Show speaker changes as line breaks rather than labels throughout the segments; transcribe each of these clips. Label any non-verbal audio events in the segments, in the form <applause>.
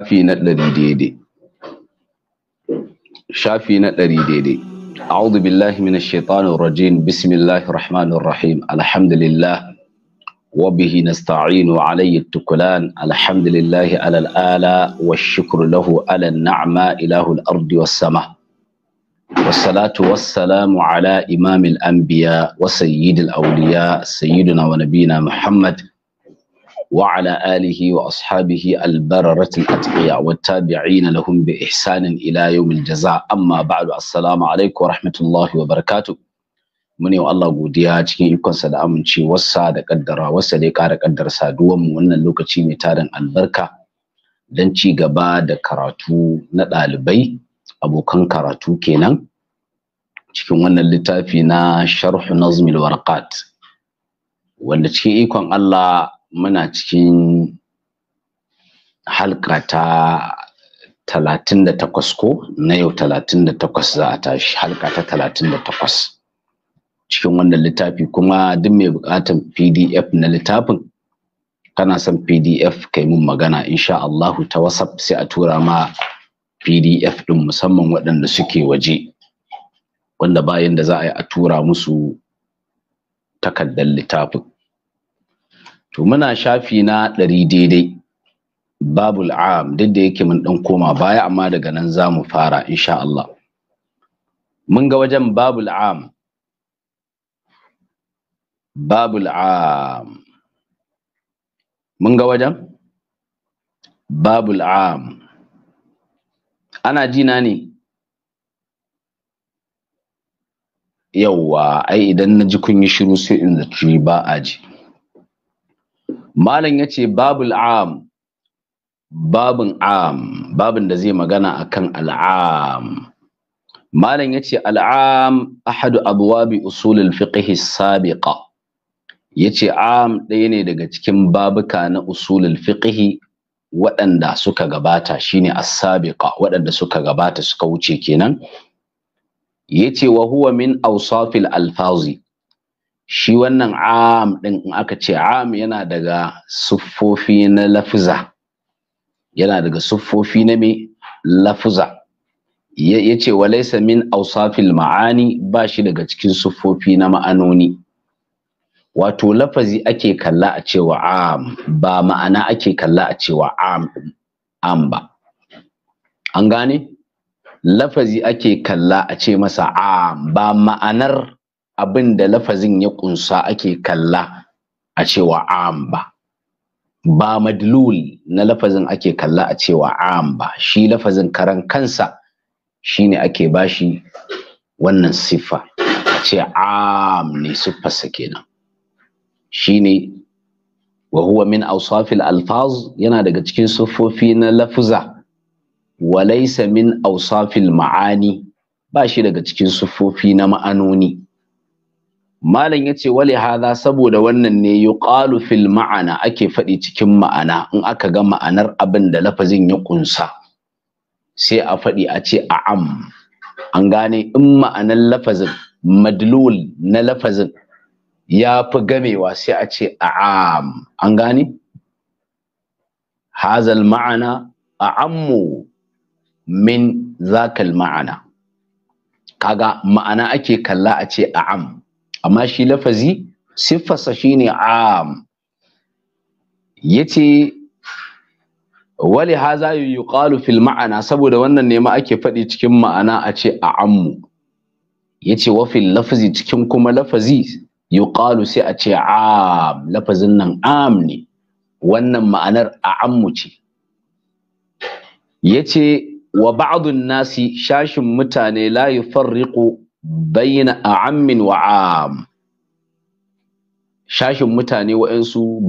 shafi na ɗari daidai shafi na ɗari daidai أعوذ بالله من الشيطان الرجيم بسم الله الرحمن الرحيم الحمد لله وبه نستعين علي التكلان الحمد لله على الآلاء والشكر له على النعمة إله الأرض والسماء والصلاة والسلام على إمام الأنبياء وسيد الأولياء سيدنا ونبينا محمد وعلى آله وأصحابه البررة الأتقياء والتابعين لهم بإحسان إلى يوم الجزاء أما بعد السلام عليكم ورحمة الله وبركاته mune wa Allah godiya cikin ikonsa da amincewarsa da kaddara wasa da ya ƙara kaddar saduwan mu wannan lokaci mai tarin albarka don ci gaba da karatu na ɗalibai abokan karatu kenan cikin wannan littafi na sharhu nazmil warqat wanda cikin ikon Allah muna cikin halka ta talatin da takwas ko na yau talatin da takwas za a tashi halka ta talatin da takwas cikin wannan littafi kuma duk mai bukatan pdf na littafin kana son pdf kai mun magana insha Allahu ta whatsapp sai a tura ma pdf din musamman waɗanda suke waje wanda bayan da za a yi a tura musu takardar littafin to muna shafi na ɗari daidai babul am duk da yake mun ɗan koma baya amma daga nan za mu fara insha Allah mun ga wajen babul am babul am mun ga wajen babul am ana jina ne yauwa ai idan na ji kun yi shiru sai in zaci ba a ji malam ya ce babul am babin am babin da zai magana a kan al'am malam ya ce al'am ahadu abuwabi usulul fiqhi sabiqa ya ce am ɗaya ne daga cikin babuka na usulul fiqhi waɗanda suka gabata shine as-sabiqa waɗanda suka gabata suka wuce kenan ya ce wa huwa min ausafil alfazi shi wannan am ɗin in aka ce am yana daga siffofi na lafuza yana daga siffofi na me lafuza ya ce walaisa min ausafil ma'ani ba shi daga cikin siffofi na ma'anoni wato lafazi ake kalla a cewa am ba ma'ana ake kalla a cewa am am ba an gane lafazi ake kalla a ce masa am ba ma'anar abin da lafazin ya ƙunsa ake kalla a cewa am ba ba madlul na lafazin ake kalla a cewa am ba shi lafazin karan kansa shine ake bashi wannan siffa a ce am ne siffarsa kenan shine wa huwa min awsafil alfaz yana daga cikin siffofi na lafuza wa laysa min awsafil ma'ani ba shi daga cikin siffofi na ma'anoni malam ya ce wale haza saboda wannan ne yuqalu fil ma'ana ake faɗi cikin ma'ana in aka ga ma'anar abin da lafazin ya kunsa sai a faɗi a ce a'am an gane in ma'anar lafazin madlul na lafazin ya fi gamewa sai a ce a'am an gane hazal ma'ana a'ammu min zakal ma'ana kaga ma'ana ake kalla a ce a'am amma shi lafazi siffarsa shine am yace wali haza yuqalu fil ma'ana saboda wannan ne ma ake faɗi cikin ma'ana a ce a ammu yace wa fil lafazi cikin kuma lafazi yuqalu sai a ce am lafazin nan am ne wannan ma'anar a ammu ce yace wa ba'adun nasi shashin mutane la yufarriqu bayna a'ammin wa am shashin mutane ba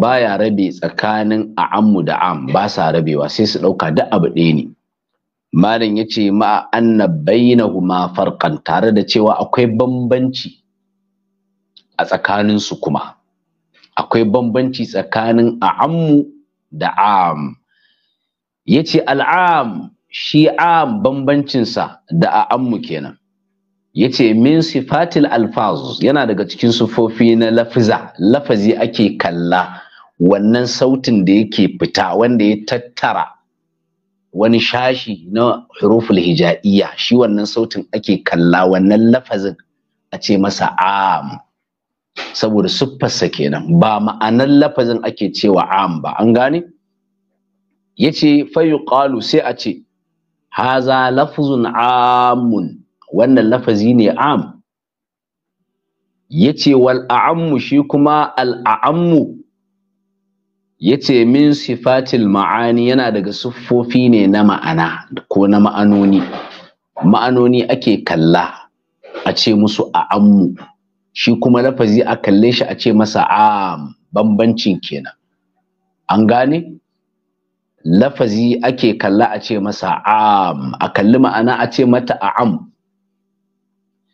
baya rabe tsakanin a'ammu da am ba sa rabewa sai su ɗauka da abu ɗaya ne malam ya ce ma anna bainahuma farqan tare da cewa akwai bambanci a tsakaninsu kuma akwai bambanci tsakanin a'ammu da am ya ce al'am shi am bambancinsa da a'ammu kenan yace min sifatil alfaz yana daga cikin sufofi na lafiza lafazi ake kalla wannan sautin da yake fita wanda ya tattara wani shashi na huruful hija'iyya shi wannan sautin ake kalla wannan lafazin a ce masa am saboda siffarsa kenan ba ma'anar lafazin ake cewa am ba an gane yace fa yuqalu sai a ce haza lafzun amun wannan lafazi ne am yace wal a'ammu shi kuma al a'ammu yace min sifatil ma'ani yana daga siffofi ne na ma'ana ko na ma'anoni ma'anoni ake kalla a ce musu a'ammu shi kuma lafazi a kalle shi a ce masa am bambancin kenan an gane lafazi ake kalla a ce masa am a kalli ma'ana a ce mata a'am.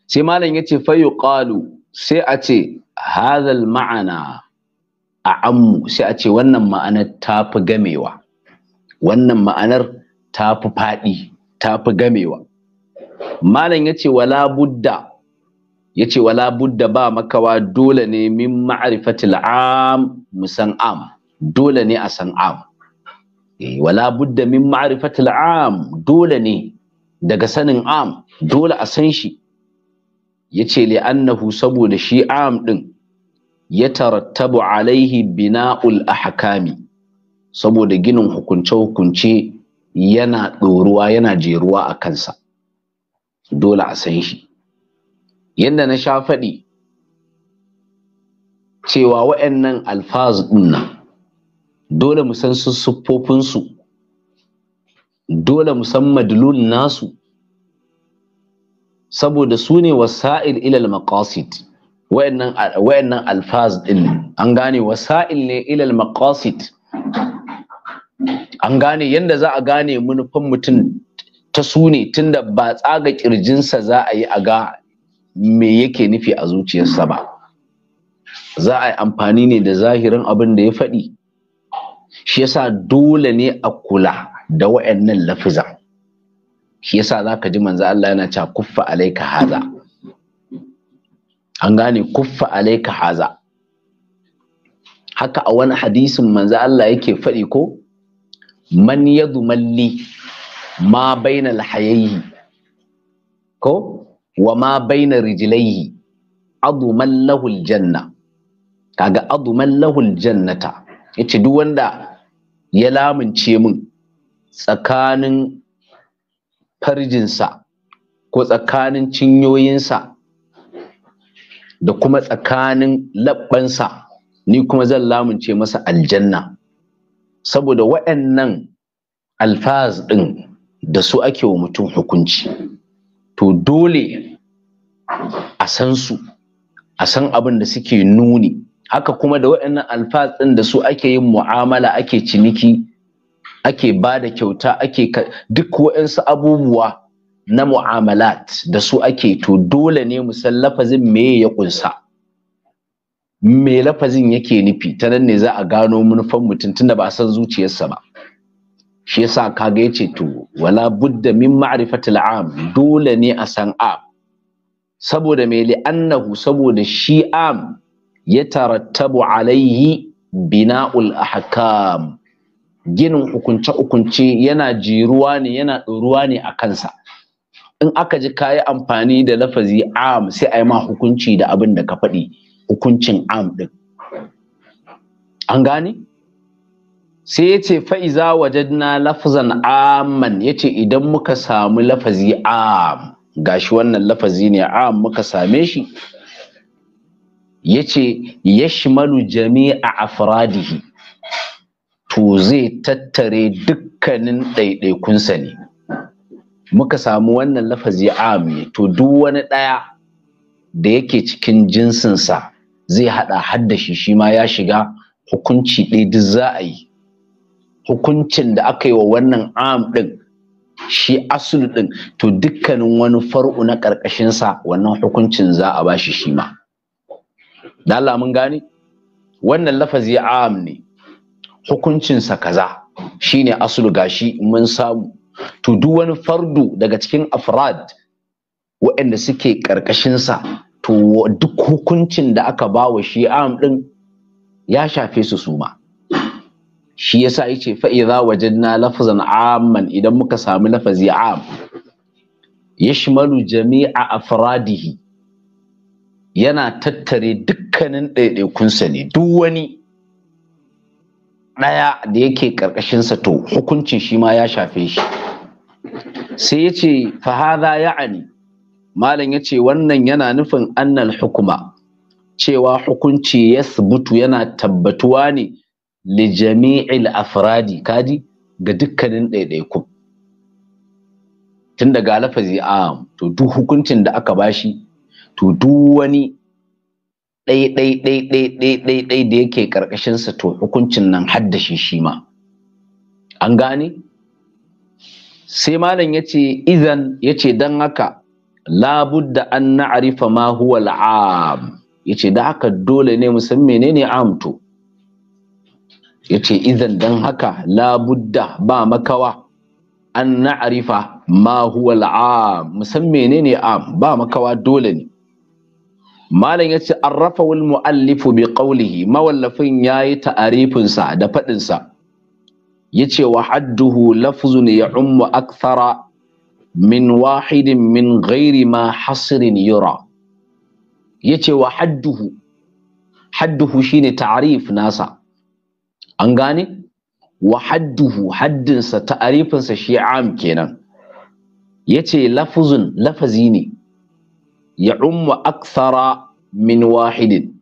sai malam ya ce fayu ƙalu sai a ce hazal ma'ana a ammu sai a ce wannan ma'anar ta fi gamewa wannan ma'anar ta fi faɗi ta fi gamewa malam ya ce wala budda ya ce wala budda ba makawa dole ne min ma'arifatil am musan am dole ne a san am eh, wala budda min ma'arifatil am dole ne daga sanin am dole a san shi yace li'annahu saboda shi am din ya tarattabu alaihi bina'ul ahkami saboda ginin hukunce-hukunce yana ɗoruwa yana jeruwa a kansa dole a san shi yadda na sha faɗi cewa wa'annan alfaz nan dole mu san su dole mu san madlul nasu saboda su ne wasa'il ilal maqasid wayannan wayannan alfaz din an gane wasa'il ne ilal maqasid an gane yanda za a gane munufan mutum ta su ne tunda ba tsaga kirjinsa za a yi a ga me yake nufi a zuciyarsa ba za a yi amfani ne da zahirin abin da ya faɗi shi yasa dole ne a kula da wayannan lafizan shi yasa zaka ji manzo Allah yana cewa kuffa alayka haza an gane kuffa alaika haza haka a wani hadisin manzo Allah yake faɗi ko man yadumalli ma baina alhayyi ko wa ma baina rijlaihi adumallahu aljanna kaga adumallahu aljannata jannata yace duk wanda ya lamince min tsakanin farjinsa ko tsakanin cinyoyinsa da kuma tsakanin labbansa ni kuma zan lamunce masa aljanna saboda waɗannan alfaz ɗin da su ake wa mutum hukunci to dole a san su a san abin da suke nuni haka kuma da waɗannan alfaz ɗin da su ake yin mu'amala ake ciniki ake bada kyauta ake duk waɗansu abubuwa na mu'amalat da su ake to dole ne musan lafazin me ya kunsa me lafazin yake nufi ta nan ne za a gano manufan mutum tunda ba a san zuciyarsa ba shi yasa kaga yace to wala budda min ma'rifatil am dole ne a san a. saboda me li'annahu saboda shi am ya tarattabu alaihi bina'ul ahkam ginin hukunce ukunce yana jiruwa ne yana ɗoruwa ne a kansa in aka ji kayi amfani da lafazi am sai a yi ma hukunci da abin da ka faɗi hukuncin am ɗin an gane sai ya ce fa'iza wajadna lafazan amman ya ce idan muka samu lafazi am gashi wannan lafazi ne am muka same shi ya ce ya shimalu jami'a afradihi to zai tattare dukkanin ɗaiɗaikunsa ne muka samu wannan lafazi ami to duk wani ɗaya da yake cikin jinsinsa zai haɗa hadda shi shi ma ya shiga hukunci ɗaya duk za a yi hukuncin da aka yi wa wannan am ɗin shi asul ɗin to dukkanin wani far'u na ƙarƙashinsa wannan hukuncin za a bashi shi ma. Dala mun gane? Wannan lafazi am ne. hukuncinsa kaza shine asulu gashi mun samu to duk wani fardu daga cikin afrad waɗanda suke ƙarƙashinsa to duk hukuncin da aka ba wa shi am ɗin ya shafe su suma shi yasa yace fa wajen na lafzan amman idan muka sami lafazi am yashmalu jami'a afradihi yana tattare dukkanin ɗaiɗaikunsa ne duk wani ɗaya da yake ƙarƙashinsa to hukuncin shi ma ya shafe shi sai ya ce fahaza ya'ani malam ya ce wannan yana nufin annal hukuma cewa hukunci ya subutu yana tabbatuwa ne li jami'il afradi kaji ga dukkanin ɗaiɗaikun tun daga lafazi am to duk hukuncin da aka bashi to duk wani ɗai ɗai ɗai ɗai ɗai ɗai ɗai da yake ƙarƙashinsa to hukuncin nan haddashi shi ma an gane sai malam ya ce idan ya ce don haka labudda an na'arifa ma huwa al'am ya ce da haka dole ne musan menene amto ya ce idan don haka labudda ba makawa an na'arifa ma huwa al'am musan menene am ba makawa dole ne malam ya ce an yace wani mu'allifu bi ƙaulihi mawallafin ya yi ta'arifinsa da faɗinsa. Ya ce wa hadduhu ya ya'ummu akthara min wahidin min gairi ma hasirin yura ce wa hadduhu hadduhu ne ta'rif nasa an gane wa hadduhu haddinsa ta'arifinsa shi am kenan ce lafuzun lafazi ne ya'ummu aksara min wahidin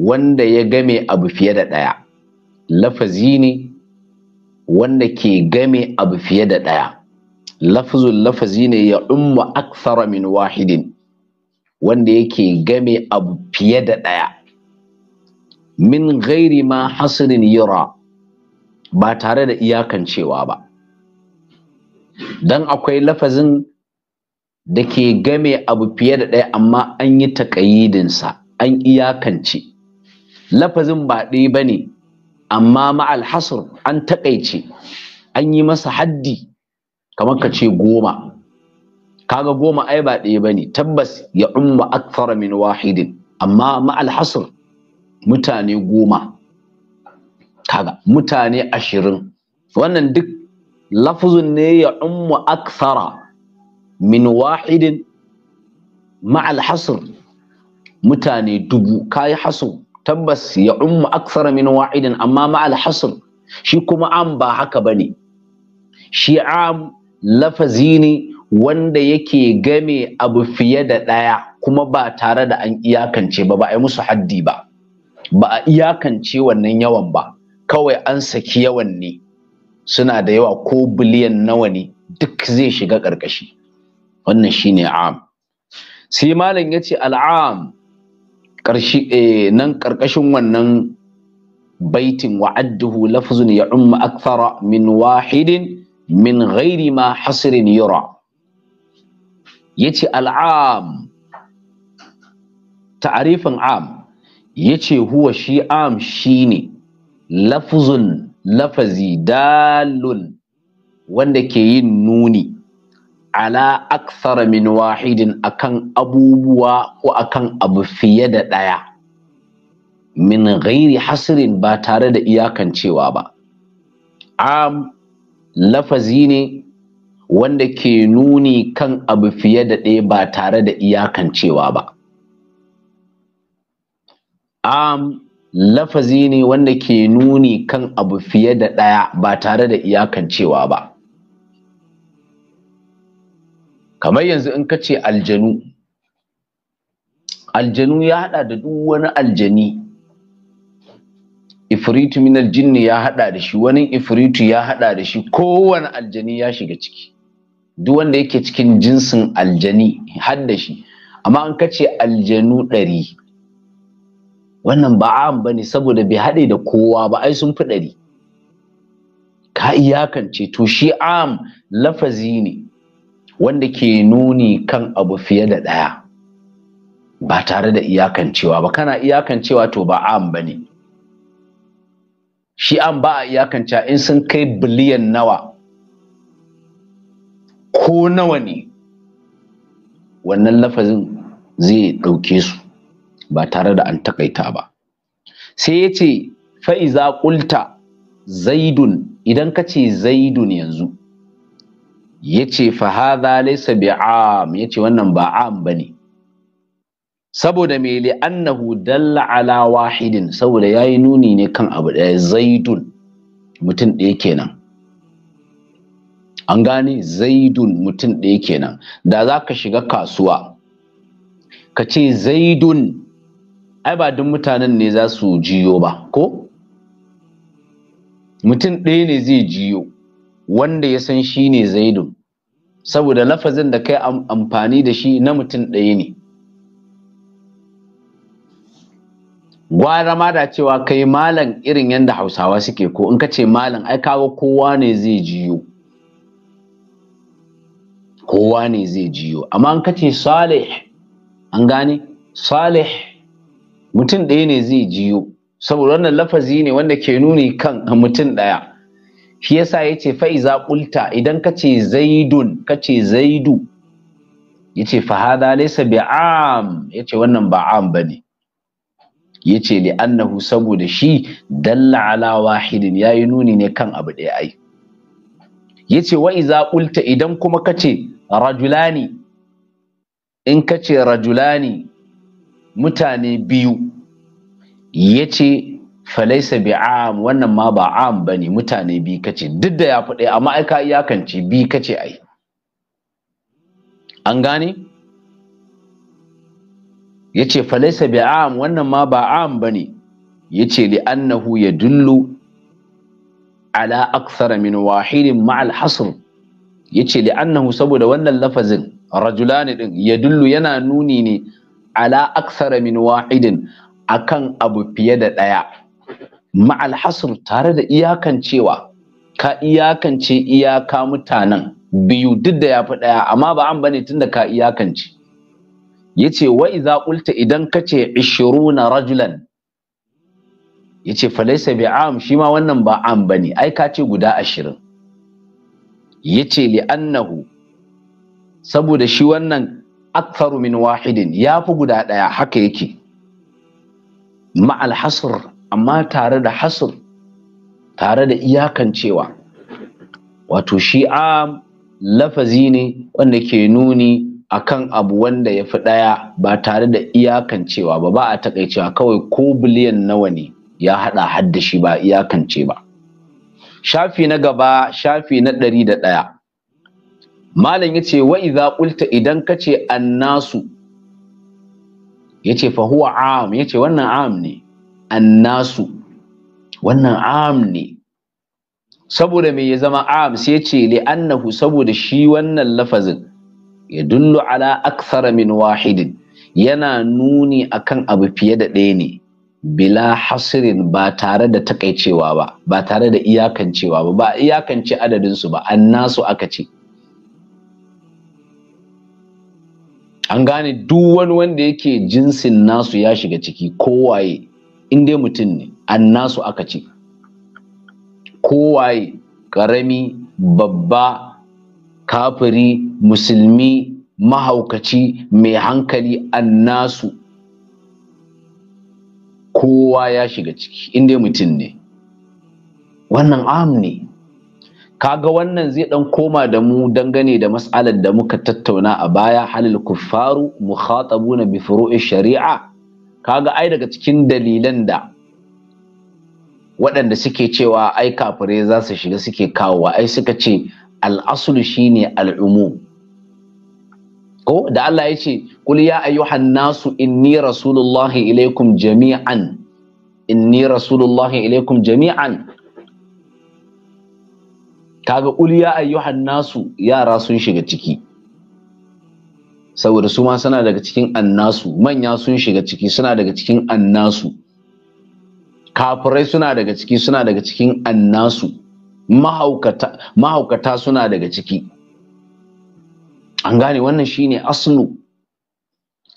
wanda ya game abu fiye da ɗaya lafazi ne wanda ke game abu fiye da ɗaya lafazin lafazi ne ya umma aksara min wahidin wanda yake game abu fiye da ɗaya min gairi ma hasirin yura ba tare da iyakancewa ba don akwai lafazin da ke game abu fiye da ɗaya amma an yi taƙayidinsa an iyakance lafazin ba ɗaya ba ne amma ma'al an taƙaice an yi masa haddi kamar ka ce goma kaga goma ai ba ɗaya ba ne tabbas ya umma akthara min wahidin amma ma'al hasr mutane goma kaga mutane ashirin wannan duk lafazin ne ya umma akthara min wahidin ma'al hasr mutane dubu kayi hasu tabbas ya umma aksara min wahidin amma ma'al hasr shi kuma an ba haka bane shi am lafazi ne wanda yake game abu fiye da ɗaya kuma ba tare da an iyakance ba ba a yi musu haddi ba ba a iyakance wannan yawan ba kawai an saki yawan ne suna da yawa ko biliyan nawa ne duk zai shiga ƙarƙashi wannan shine am sai malam ya ce al'am eh, nan ƙarƙashin wannan baitin wa'adduhu lafzun ya umma akthara min wahidin min ghairi ma hasirin yura ya ce al'am ta'arifin am ya ce huwa shi am shi ne lafzun lafazi dalun wanda ke yin nuni ala aksara min wahidin akan abubuwa ko akan abu fiye da ɗaya min ghairi hasirin ba tare da iyakancewa ba am lafazi ne wanda ke nuni kan abu fiye da ɗaya ba tare da iyakancewa ba am lafazi ne wanda ke nuni kan abu fiye da ɗaya ba tare da iyakancewa ba kamar yanzu in ka ce aljanu aljanu ya hada da duk wani aljani ifritu minal jinni ya haɗa da shi wani ifritu ya haɗa da shi kowane aljani ya shiga ciki duk wanda yake cikin jinsin aljani har da shi amma an kace aljanu ɗari wannan ba an ba ne saboda bai haɗe da kowa ba ai sun fi ɗari ka iyakance to shi am lafazi ne wanda ke nuni kan abu fiye da ɗaya ba tare da iyakancewa ba kana iyakancewa to ba am ba ne shi an ba a iyakancewa in sun kai biliyan nawa ko nawa ne wannan lafazin zai ɗauke su ba tare da an takaita ba sai ya ce fa'iza ƙulta zaidun idan ka ce zaidun yanzu yace fa hadha laysa bi'am yace wannan ba am bane saboda me li annahu dalla ala wahidin saboda yayi nuni ne kan abu daya zaidun mutum ɗaya kenan an gane zaidun mutum ɗaya kenan da za ka shiga kasuwa ka ce zaidun ai ba duk mutanen ne za su jiyo ba ko mutum ɗaya ne zai jiyo wanda ya san shi ne zaidu saboda lafazin da kai amfani da shi na mutum ɗaya ne gwara ma da cewa kai malam irin yadda hausawa suke ko in ka ce malam ai kawo kowa ne zai jiyo kowa ne zai jiyo amma in ka ce salih an gane salih mutum ɗaya ne zai jiyo saboda wannan lafazi ne wanda ke nuni kan mutum ɗaya shi yasa yace fa iza qulta idan kace zaidun kace zaidu yace fa hadha laysa bi'am yace wannan ba am bane yace li annahu saboda shi dalla ala wahidin yayi nuni ne kan abu ɗaya ai yace wa iza qulta idan kuma kace rajulani in kace rajulani mutane biyu yace falaisa bi am wannan ma ba am bane mutane bi kace duk da ya faɗi amma ai ka iyakance bi kace ai an gane yace falaisa bi am wannan ma ba am bane yace li annahu yadullu ala akthara min wahidin ma al hasr yace li annahu saboda wannan lafazin rajulani din yadullu yana nuni ne ala akthara min wahidin akan abu fiye da ɗaya ma'al tare da iyakancewa ka iyakance iyaka mutanen biyu duk da ya fi ɗaya amma ba an bane tunda ka iyakance yace wa idza qulta idan kace 20 rajulan bai a bi'am shi ma wannan ba am bane ai ka ce guda Ya yace li annahu saboda shi wannan aktharu min wahidin yafi guda ɗaya, haka yake ma hasr amma tare da hasr tare da iyakancewa wato shi lafazi ne wanda ke nuni akan abu wanda ya fi ɗaya ba tare da iyakancewa ba ba a takaicewa kawai ko biliyan nawa ne ya haɗa hadda shi ba iyakance ba shafi na gaba shafi na ɗari da ɗaya malam ya ce wa'iza ƙulta idan ka ce annasu ya ce fahuwa am ya ce wannan am ne annasu wannan am ne saboda me ya zama am sai ce li Annahu saboda shi wannan lafazin ya dullu ala akthara min wahidin yana nuni akan abu fiye da ɗaya ne bila hasirin ba tare da takaicewa ba ba tare da iyakancewa ba ba iyakance adadin su ba annasu aka ce an gane duk wani wanda yake jinsin nasu ya shiga ciki kowaye in dai mutum ne annasu aka ce kowaye karami babba kafiri musulmi mahaukaci mai hankali annasu kowa ya shiga ciki inda mutum ne wannan am ne kaga wannan zai dan koma da mu dangane da mas'alar da muka tattauna a baya halil kuffaru mukhatabuna bi furu'i shari'a kaga ai daga cikin dalilan da waɗanda suke cewa ai kafirai za su shiga suke kawowa ai suka ce al'asulu shine al'umu ko da Allah ya ce kul ya ayyuhan nasu inni rasulullahi ilaikum jami'an inni rasulullahi ilaikum jami'an kaga kul ya ayyuhan nasu yara sun shiga ciki saboda su ma suna daga cikin annasu manya sun shiga ciki suna daga cikin annasu kafirai suna daga ciki suna daga cikin annasu mahaukata, suna daga ciki an gane wannan shine asnu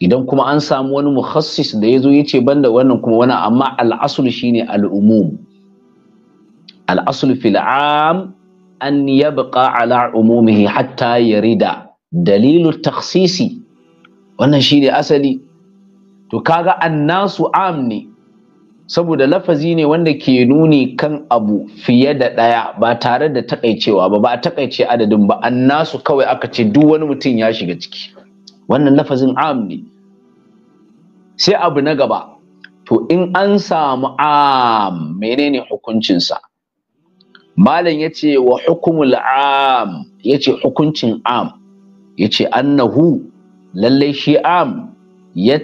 idan kuma an samu wani mukhassis da ya zo ya ce banda wannan kuma wani amma al'asul shine al'umum al'asul fil'am an yabqa ala umumihi hatta yarida dalilu taksisi wannan shi ne asali to kaga annasu am ne saboda lafazi ne wanda ke nuni kan abu fiye da ɗaya ba tare da takaicewa ba ba a takaice adadin ba annasu kawai aka ce duk wani mutum ya shiga ciki wannan lafazin am ne sai abu na gaba to in an samu am menene hukuncinsa malam ya ce wa hukumul am ya ce hukuncin am yace annahu lallai shi am ya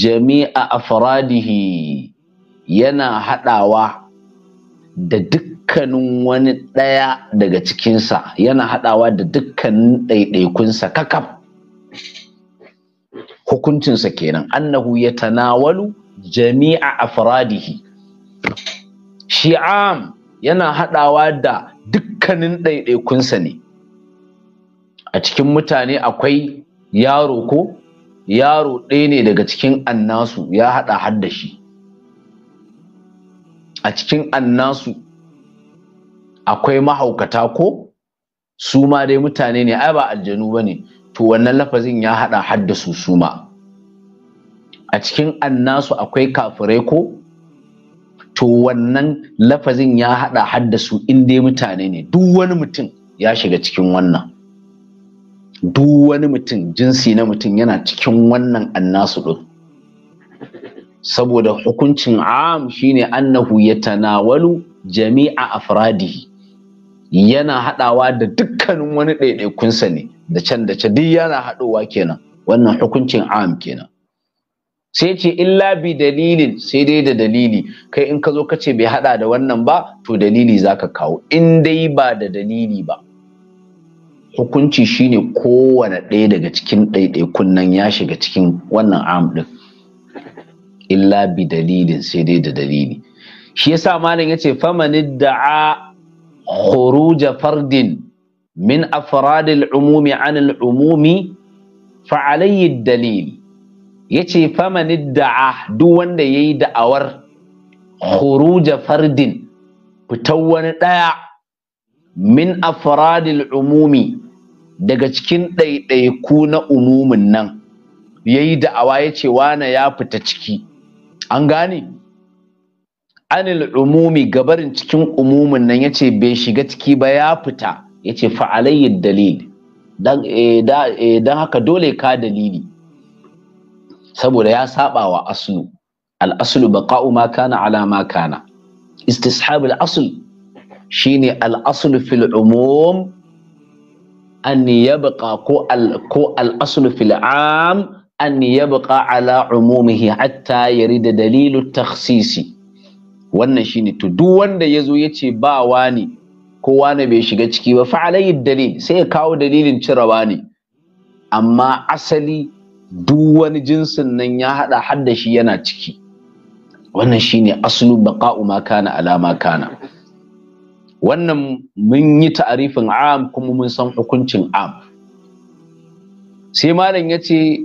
jami'a afradihi yana haɗawa da dukkanin wani ɗaya daga cikinsa yana haɗawa da dukkanin ɗaiɗaikunsa kakam hukuncinsa kenan annahu ya tanawalu jami'a afradihi shi am yana haɗawa da dukkanin ɗaiɗaikunsa ne a cikin mutane akwai yaro ko yaro ɗaya ne daga cikin annasu ya haɗa har shi a cikin annasu akwai mahaukata ko su ma dai mutane ne ai ba aljanu ba ne to wannan lafazin ya haɗa har su su ma a cikin annasu akwai kafirai ko to wannan lafazin ya haɗa har da su in dai mutane ne duk wani mutum ya shiga cikin wannan duk wani mutum jinsi na mutum yana cikin wannan annasu ɗin saboda hukuncin am shine annahu ya tanawalu jami'a afradihi yana haɗawa da dukkanin wani ɗaiɗaikunsa ne da can da can duk yana haɗowa kenan wannan hukuncin am kenan sai ce illa bi dalilin sai dai da dalili kai in ka zo ka ce bai haɗa da wannan ba to dalili zaka kawo in dai ba da dalili ba hukunci shine kowane ɗaya daga cikin ɗaiɗaikun nan ya shiga cikin wannan am ɗin illa bi dalilin sai dai da dalili shi yasa malam ya yace famanid da'a khuruja fardin min afradil umumi anil umumi fa alayhi dalil yace famanid da'a duk wanda ya yi da'awar khuruja fardin fitar wani ɗaya min afradil umumi daga cikin ɗaiɗaiku na umumin nan ya yi da'awa ya ce wane ya fita ciki an gane anil umumi gabarin cikin umumin nan ya ce bai shiga ciki ba ya fita ya ce fa'alayyar dalil don eh, eh, haka dole ka dalili saboda ya saba wa aslu al'asulu ka'u ma kana ala kana istishab aslu. shine al'aslu fil umum an yabqa ko al ko al'aslu fil am an yabqa ala umumihi hatta yarida dalilu takhsisi wannan shine to duk wanda yazo yace ba wani ko wani bai shiga ciki ba fa alayhi dalil sai ya kawo dalilin cirewa ne amma asali duk wani jinsin nan ya hada har da shi yana ciki wannan shine aslu baqa'u ma kana alama kana wannan mun yi ta'arifin am kuma mun san hukuncin am sai malam ya ce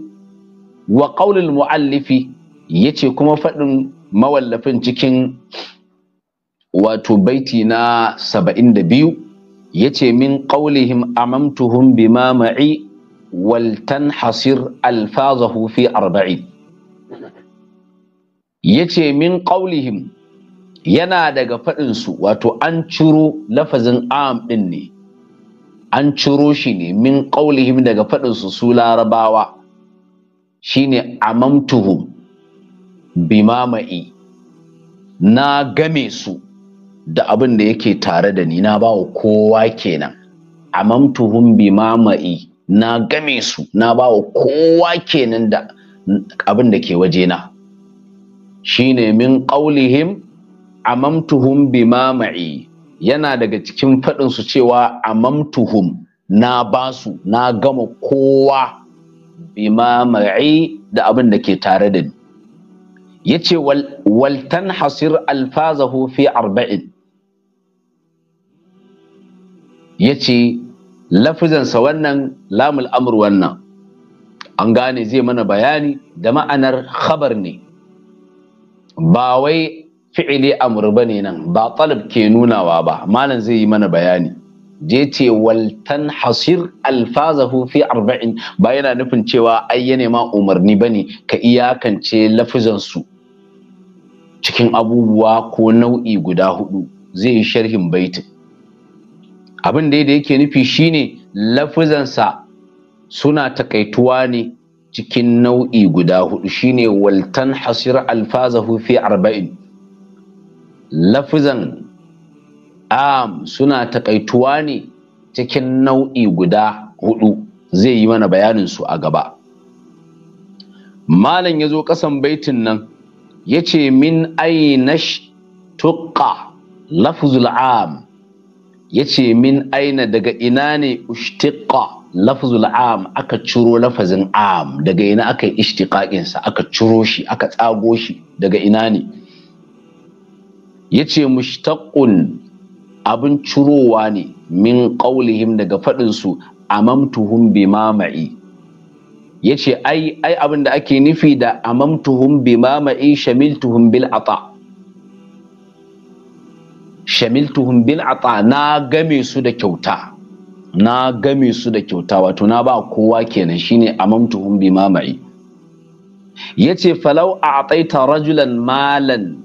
wa ƙaunin mu'allifi ya ce kuma faɗin mawallafin cikin wato baiti na saba'in da biyu ya ce min ƙaulihim amamtuhum bima ma'i waltan hasir alfazahu fi arba'i ya ce min ƙaulihim yana daga faɗinsu wato an ciro lafazin am ɗin ne an ciro shi ne min ƙaulihim daga faɗinsu su larabawa Shi shine amamtuhum bimama'i na game su da abin da yake tare da ni na bawa kowa kenan amamtuhum bimama'i na game su na bawa kowa kenan da abin da ke wajena ne min ƙaulihim amamtuhum bima yana daga cikin faɗin su cewa amamtuhum na basu na gama kowa bima da abin da ke tare da ni yace wal wal hasir alfazahu fi arba'in yace lafizansa wannan lamul amr wannan an gane zai mana bayani da ma'anar khabar ne ba wai fi'ili amr bane nan ba talab ke nunawa ba malam zai yi mana bayani je ce waltan hasir alfazahu fi arba'in ba yana nufin cewa ai yana ma umarni bane ka iyakance lafizan su cikin abubuwa ko nau'i guda hudu zai yi sharhin baitin abin da yake nufi shine lafizansa suna takaituwa ne cikin nau'i guda hudu shine waltan hasir alfazahu fi arba'in lafizan am suna takaituwa ne cikin nau'i guda hudu zai yi mana bayanin su a gaba malam ya zo kasan baitin nan ya ce min ainash tuqa lafzul am ya min aina daga ina ne ushtiqa lafzul am aka ciro lafazin am daga ina aka yi ishtiqaqinsa aka ciro shi aka tsago shi daga ina ne yace mushtaƙun abin curowa ne min ƙaulihim daga faɗin su amamtuhum bima ya yace ai ai abin da ake nufi da amamtuhum bima ma'i shamiltuhum bil ata shamiltuhum bil ata na game su da kyauta na game su da kyauta wato na ba kowa kenan shine amamtuhum bima ya yace falau a'taita rajulan malan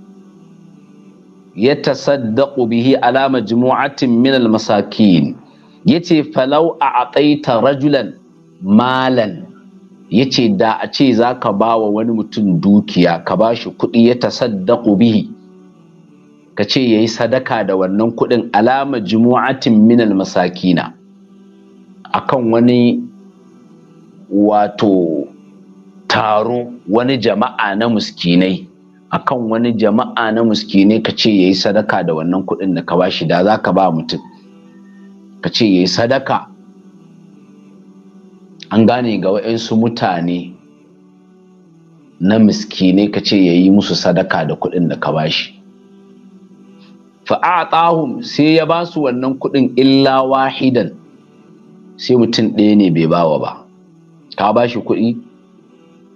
ya tasaddaqu bihi ala majmu'atin min al-masakin yace falau a ataita rajulan malan yace da a ce ba wa wani mutum dukiya ka bashi kuɗi ya tasaddaqu bihi ka ce yayi sadaka da wannan kuɗin alama jumu'atin min al-masakina akan wani wato taro wani jama'a na muskinai akan wani jama'a na muskine ka ce yayi sadaka da wannan kuɗin da ka bashi da za ka ba mutum ka ce yayi sadaka an gane ga waɗansu mutane na muskine ka ce yayi musu sadaka da kuɗin da ka bashi fa'atahum sai ya ba su wannan kuɗin illa wahidan sai mutum ɗaya ne bai bawa ba ka ba shi kuɗi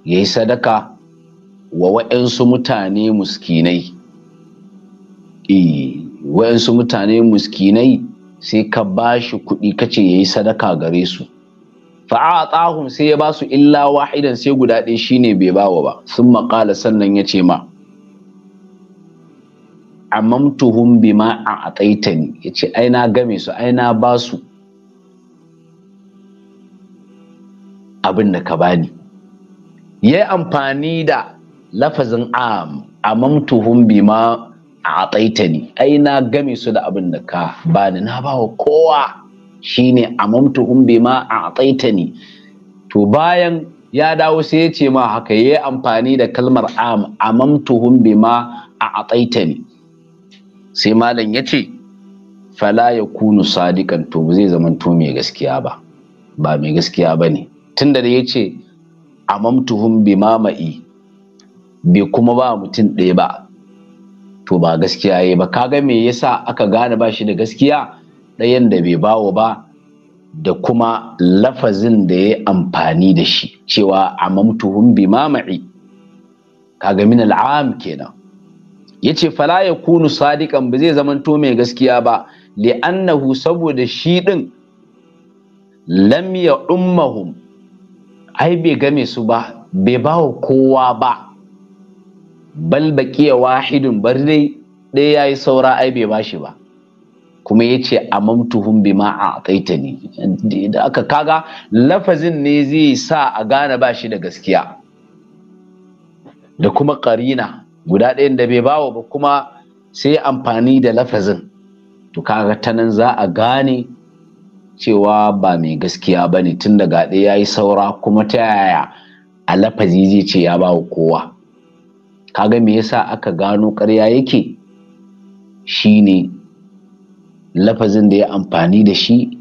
ya yi sadaka wa waɗansu mutane muskinai e, waɗansu mutane muskinai sai ka ba shi kuɗi ka ce ya yi sadaka gare su fa'a sai ya ba su illa wahidan sai guda ɗaya shine bai bawa ba sun maƙala sannan ya ce ma amamtuhum bima a atsaitani ya ce ai game su aina na ba su abin da ka bani ya yi amfani da lafazin am amamtuhum bima ni ai na game su da abin da ka bani na bawa kowa shine amamtuhum bima ni to bayan ya dawo sai ya ce ma haka yi amfani da kalmar am amamtuhum bima ni sai malam ya ce fala ya kunu sadikan to zai to mai gaskiya ba ba mai gaskiya ba ne tunda da ya ce amamtuhum bima ma'i bai kuma ba mutum ɗaya ba to ba gaskiya yayi ba kaga me yasa aka gane ba shi da gaskiya ɗayan da bai bawo ba da kuma lafazin da ya amfani da shi cewa amamtuhum bi mama'i kaga min al'am kenan yace fala yakunu sadiqan ba zai zamanto mai gaskiya ba li'annahu saboda shi din lam ya ummahum ai bai game su ba bai bawa kowa ba bal baqiya wahidun bar dai ɗaya yayi saura ai bai bashi ba kuma yace amamtuhum bima a'taitani da aka kaga lafazin ne zai sa a gane ba shi da gaskiya da kuma karina guda ɗayan da bai bawa ba kuma sai amfani da lafazin to kaga ta nan za a gane cewa ba mai gaskiya ba ne tun daga ɗaya ya yi saura kuma ta yaya a lafazi zai ce ya bawa kowa kaga me yasa aka gano ƙarya yake shine lafazin da ya amfani da shi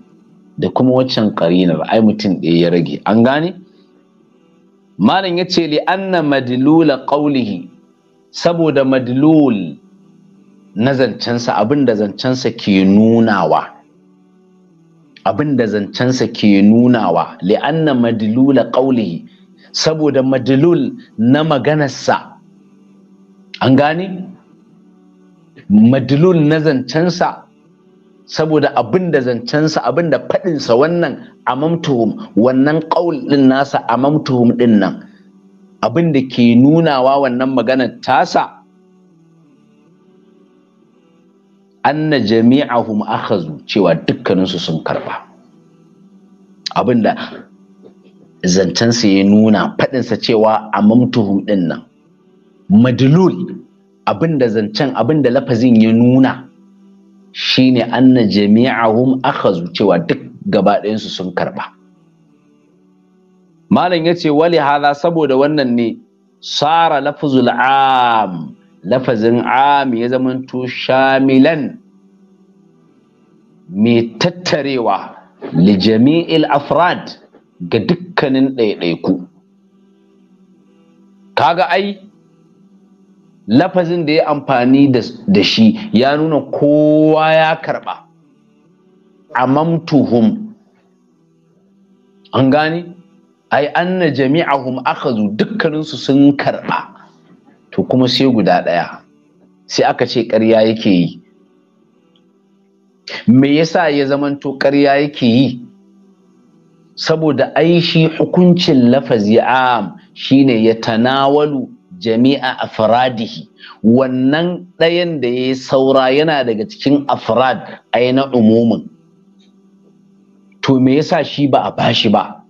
da kuma waccan ƙarinar ai mutum ɗaya ya rage an gane malam ya ce li'anna madlula qawlihi saboda madlul na zancensa abin da zancensa ke nunawa abin da zancensa ke nunawa li'anna madlula qawlihi saboda madlul na maganarsa an gane madilun na zancensa saboda abin da zancensa abin da faɗinsa wannan amamtuhum wannan ƙaul din nasa amamtuhum ɗin nan abin da ke nunawa wannan maganar tasa anna jami'ahum akhazu cewa dukkaninsu sun karba abin da zancensa ya nuna faɗinsa cewa amamtuhum ɗin nan madlul abinda zancen abinda lafazin ya nuna shine anna jami'ahum akhazu cewa duk gaba su sun karba malam yace wali hala saboda wannan ne sara lafzul am lafazin am ya zamanto shamilan mai tattarewa li jami'il afrad ga dukkanin ɗaiɗaiku kaga ai lafazin da ya amfani da shi ya nuna kowa ya karba amamtuhum an gane ai anna jami'ahum akhazu dukkaninsu sun karba to kuma sai guda ɗaya sai aka ce ƙarya yake yi me yasa ya zamanto ƙarya yake yi saboda ai shi hukuncin lafazi am shine ya tanawalu jami'a afradihi wannan ɗayan da ya saura yana daga cikin afrad ai na umumin to me yasa shi ba a bashi ba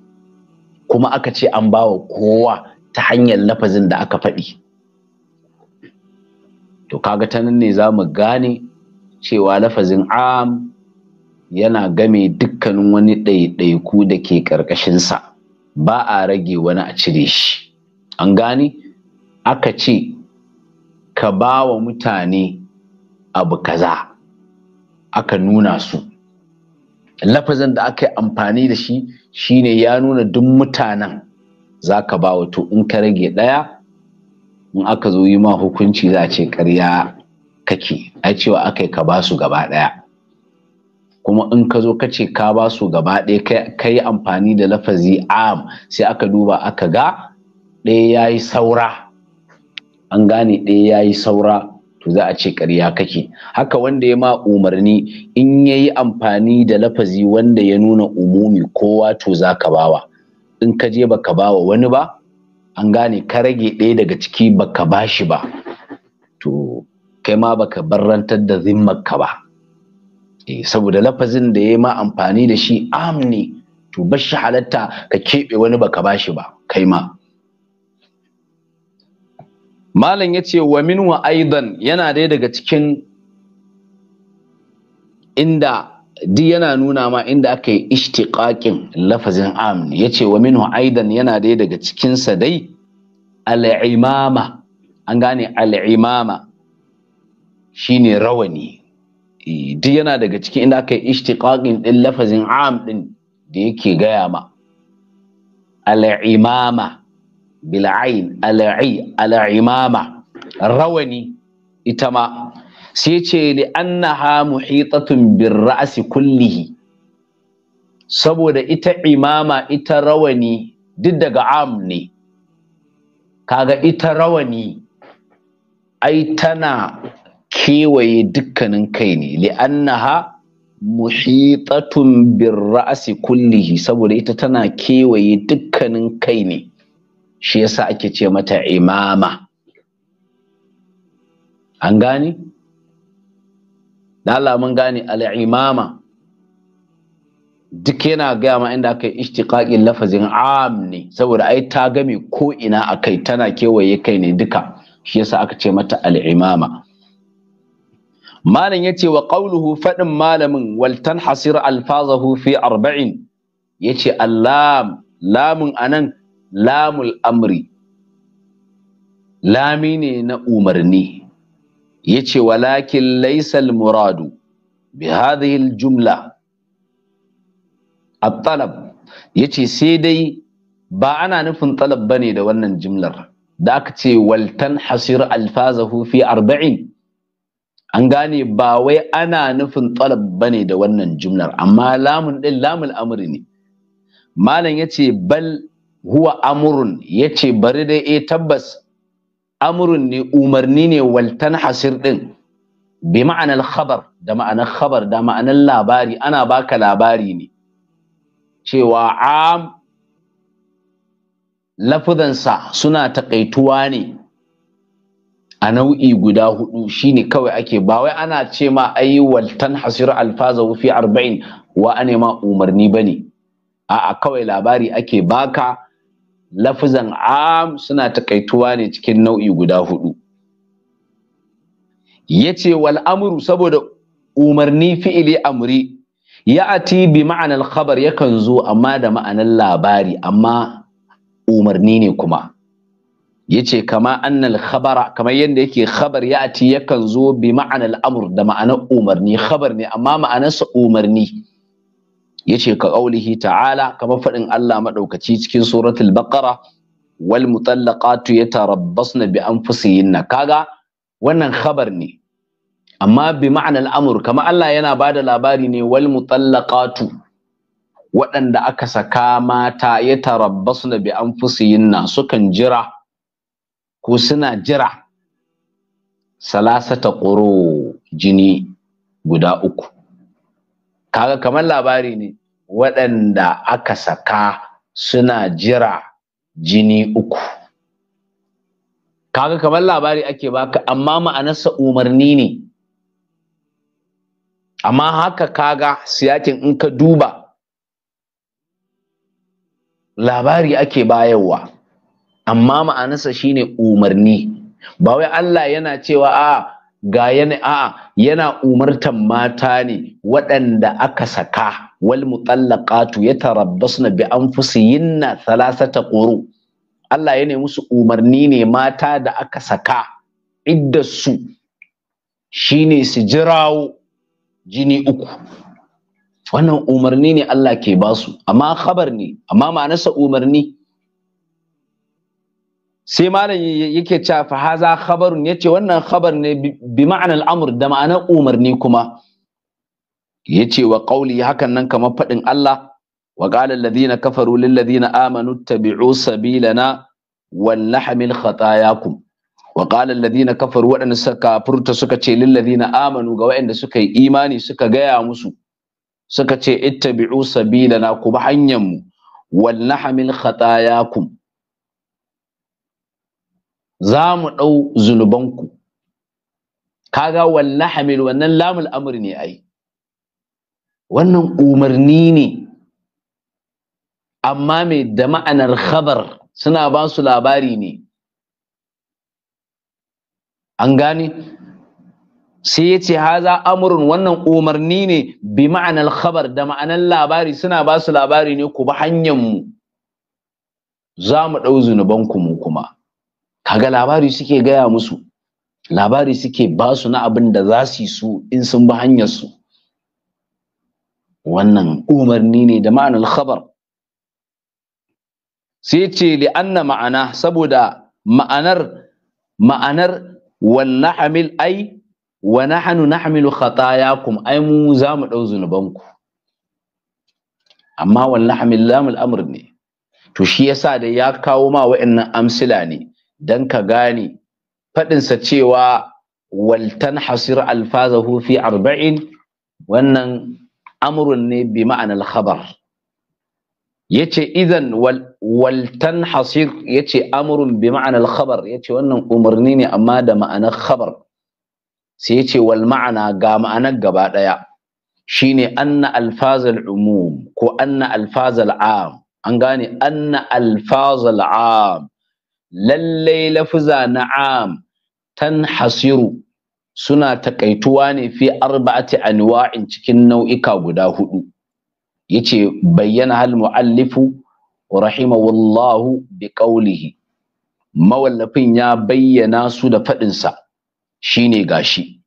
kuma aka ce an bawa kowa ta hanyar lafazin da aka faɗi to kaga ta nan ne za mu gane cewa lafazin am yana game dukkanin wani ɗaiɗaiku da ke ƙarƙashinsa ba a rage wani a cire shi an gane aka ce ka ba wa mutane abu kaza aka nuna su lafazin da aka yi amfani da shi shine ya nuna duk mutanen za ka ba wa in ka rage ɗaya in aka zo yi ma hukunci za a ce ƙarya kake ai cewa aka yi ka ba su gaba ɗaya kuma in ka zo ka ce ka ba su gaba ɗaya ka yi amfani da lafazi am sai aka duba aka ga ɗaya ya yi saura an gane ɗaya ya yi saura to za a ce ƙarya kake haka wanda ya ma umarni in ya yi amfani da lafazi wanda ya nuna umumi kowa to za ka bawa in ka je baka bawa wani ba an gane ka rage ɗaya daga ciki baka bashi ba to kai ma baka barrantar da zimmarka ba e, saboda lafazin da ya ma amfani da shi amni to bashi halatta ka keɓe wani baka shi ba kai ma malam ya ce wa minwa aidan yana dai daga cikin inda di yana nuna ma inda aka yi ishtiqaqin lafazin am ya ce wa minhu aidan yana dai daga cikinsa dai al'imama an gane al'imama shi ne rawani e, di yana daga cikin inda aka yi ishtiqaqin din lafazin am din da yake gaya ma al'imama bil'ain ala'i ala'imama rawani ita ma sai ce li annaha muhitatun bir ra'si kullihi saboda ita imama ita rawani duk daga am ne kaga ita rawani ai tana kewaye dukkanin kai ne li'annaha muhitatun bir ra'si kullihi saboda ita tana kewaye dukkanin kai ne shi yasa ake ce mata imama an gane Allah mun gane al'imama duk yana gaya ma inda aka yi ishtiƙaƙin lafazin am ne saboda ai ta game ko ina a kai tana kewaye kai ne duka shi yasa aka ce mata al'imama malam ya ce wa ƙauluhu faɗin malamin waltan hasir alfazahu fi arba'in ya ce allam lamun anan lamul amri lami ne na umarni yace walakin laisal muradu bi hadhihi jumla at-talab yace sai dai ba ana nufin talab bane da wannan jimlar da aka ce waltan hasir alfazahu fi arba'in an gane ba wai ana nufin talab bane da wannan jumlar amma lamun din lamul amri ne malam yace bal huwa amurun yace bari dai e tabbas amurun ne umarni ne waltan hasir din bi ma'anar khabar da ma'anar khabar da ma'anar labari ana baka labari ne cewa am lafuzansa suna takaituwa ne a nau'i guda hudu shine kawai ake ba wai ana ce ma ayi waltan hasir alfaza fi arba'in wa ane ma umarni bane a'a kawai labari ake baka Lafizan am suna takaituwa ne cikin nau'i guda hudu yace ce Walamuru saboda umarni fi'ili amri ya'ati bi ma'anar khabar yakan zo amma da ma'anar labari amma umarni ne kuma ce kama annal khabara kamar yadda yake khabar ya'ati yakan zo bi ma'anar amur, da ma'anar umarni khabar ne amma ma'anarsa umarni yace ka qaulihi ta'ala kamar fadin Allah maɗaukaci cikin suratul baqara wal mutallaqatu yatarabbasna bi anfusihinna kaga wannan khabar ne amma bi ma'anar amur kama Allah yana bada labari ne wal mutallaqatu waɗanda aka saka mata ya na bi anfusihinna sukan jira ko suna jira salasata ƙoro jini guda uku kaga kamar labari ne waɗanda aka saka suna jira jini uku kaga kamar labari ake baka amma ma'anarsa umarni ne amma haka kaga siyakin in ka duba labari ake bayarwa amma ma'anarsa shine umarni ba wai Allah yana cewa a ga yana a'a yana umartan mata ne waɗanda aka saka wal mutallaqatu yatarabbasna bi anfusihinna thalathata quru Allah ya nemi su umarni ne mata da aka saka iddasu shine su jirawo jini uku wannan umarni ne Allah ke basu amma khabar ne amma ma'anarsa umarni sai malam yake cewa fa haza khabarun yace wannan khabar ne bi ma'anar amr da ma'anar umarni kuma yace wa qauli hakan nan kamar fadin Allah wa qala alladhina kafaru lil ladina amanu tabi'u sabilana wal lahmil khatayakum wa qala alladhina kafaru wadanda suka furta suka ce lil ladina amanu ga wa'anda suka yi imani suka gaya musu suka ce ittabi'u sabilana ku bi hanyar mu wal lahmil khatayakum za mu ɗau zunubanku kaga wannan hamil wannan lamul amr ne ai wannan umarni ne amma mai da ma'anar khabar suna ba su labari ne an gane sai ya ce haza amurin wannan umarni ne bi ma'anar khabar da ma'anar labari suna ba su labari ne ku hanyar mu. za mu ɗau zunubanku mu kuma kaga labari suke gaya musu labari suke ba su na abin da za su yi su in sun bi hanyar su wannan umarni ne da ma'anar khabar sai ce li anna ma'ana saboda ma'anar ma'anar wal nahmil ai wa nahnu nahmilu khatayakum ai mu za mu dau zunubanku amma wal nahmil lamul amr ne to shi yasa da ya kawo ma wa'annan amsila ne dan ka gane faɗinsa cewa waltan hasir alfazahu fi arba'in wannan amrun ne bi ma'anar khabar yace idan waltan hasir yace amrun bi ma'anar khabar ce wannan umarni ne amma da ma'anar khabar sai ce wal ma'ana ga ma'anar gaba Shi ne anna alfazal umum ko anna alfazal am an gane anna alfazal am lallai lafuza na'am tan hasiru suna takaituwa ne fi arba'ati anwa'in cikin nau'ika guda hudu yace bayyana hal muallifu rahimahullahu bi qawlihi mawallafin ya bayyana su da fadin sa shine gashi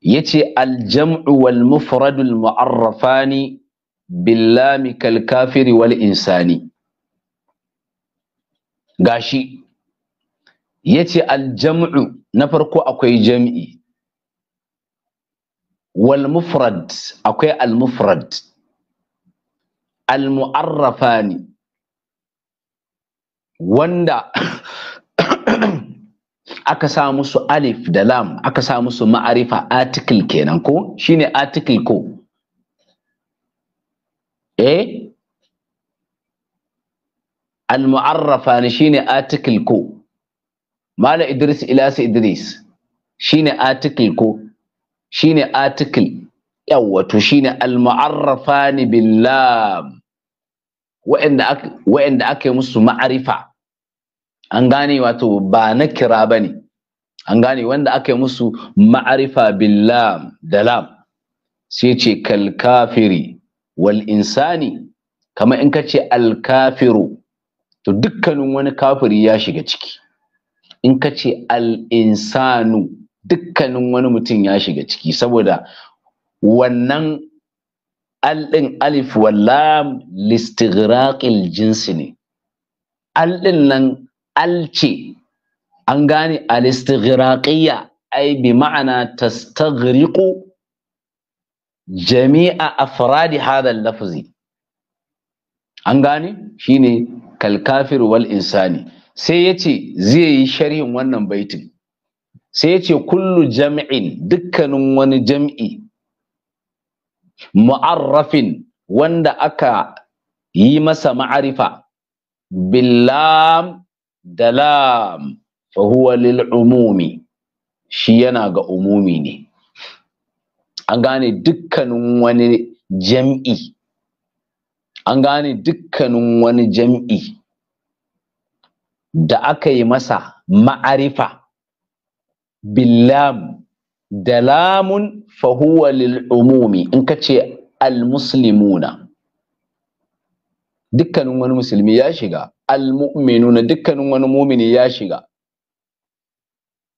yace jam'u wal mufradul mu'arrafani billami kal kafiri wal insani gashi yace aljam'u na farko akwai jam'i wal mufrad akwai al mufrad al mu'arrafani wanda <coughs> aka sa musu alif da lam aka sa musu ma'arifa article kenan ko shine article ko eh al-mu'arrafa ne shine article ko mala Idris Ilyasu Idris shine article ko shine article yawa to shine al-mu'arrafani billam wa'anda ake wa'anda ake musu ma'arifa an gane wato ba na kira bane an gane wanda ake musu ma'arifa billam da lam sai ce kal kafiri wal insani kamar in ka ce al kafiru to dukkanin wani kafiri ya shiga ciki in ka ce al'insanu dukkanin wani mutum ya shiga ciki saboda wannan alɗin alif wallam listigraƙil jinsi ne alɗin nan alce an gane alistigraƙiyya ai bi ma'ana tastagriqu jami'a afradi hadha lafazi an gane shine kal kafir wal insani sai yace zai yi sharhin wannan baitin sai yace kullu jam'in dukkanin wani jam'i mu'arrafin wanda aka yi masa ma'arifa billam da lam fa huwa shi yana ga umumi ne an gane dukkanin wani jam'i an gane dukkanin wani jam'i da aka yi masa ma'arifa billam da lamun fahuwa lil'umumi in ka ce almuslimuna dukkanin wani musulmi ya shiga almu'minuna dukkanin wani mumini ya shiga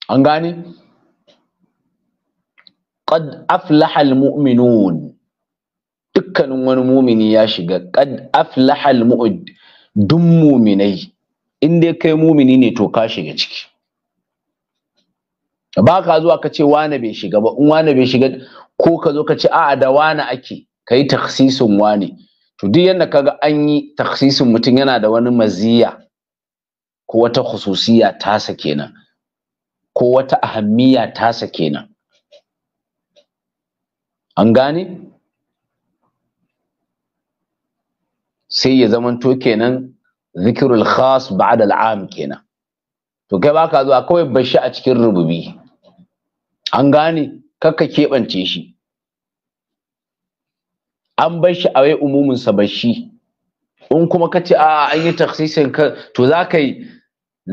an gane qad aflaha almu'minun dukkanin wani mumini ya shiga kad aflahal mu'ud dun muminai in dai kai mumini ne to ka shiga ciki ba ka zuwa ka ce wane bai shiga ba in wane bai shiga ko ka zo ka ce a'a da wane ake ka yi taksisin wane to duk yadda kaga an yi taksisin mutum yana da wani maziya ko wata khususiya tasa kenan ko wata ahammiya tasa kenan an gane sai ya zamanto kenan zikirul khas ba'd al'am kenan to kai baka zuwa kawai bashi a cikin rububi an gane kakka keɓance shi an bar shi a wai umumin sa bashi in kuma ka ce a an yi taksisin ka to za ka yi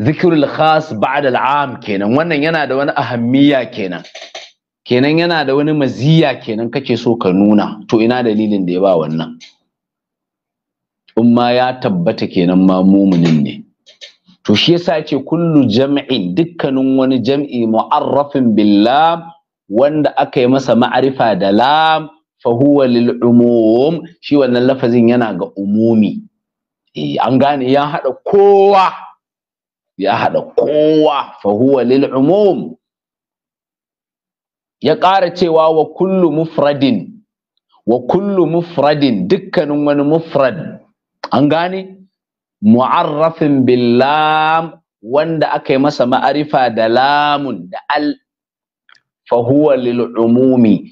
zikirul khas ba'd al'am kenan wannan yana da wani ahammiya kenan kenan yana da wani maziya kenan kake so ka nuna to ina dalilin da ya ba wannan in ma ya tabbata kenan ma mumunin ne to shi yasa ce kullu jam'i dukkanin wani jam'i mu'arrafin billah wanda aka yi masa ma'arifa da lam fa huwa lil umum shi wannan lafazin yana ga umumi eh an gane ya hada kowa ya hada kowa fa huwa lil umum ya ƙara cewa wa kullu mufradin wa kullu mufradin dukkanin wani mufrad an gane mu'arrafin billam wanda aka masa ma'arifa da lamun da al fahuwa lil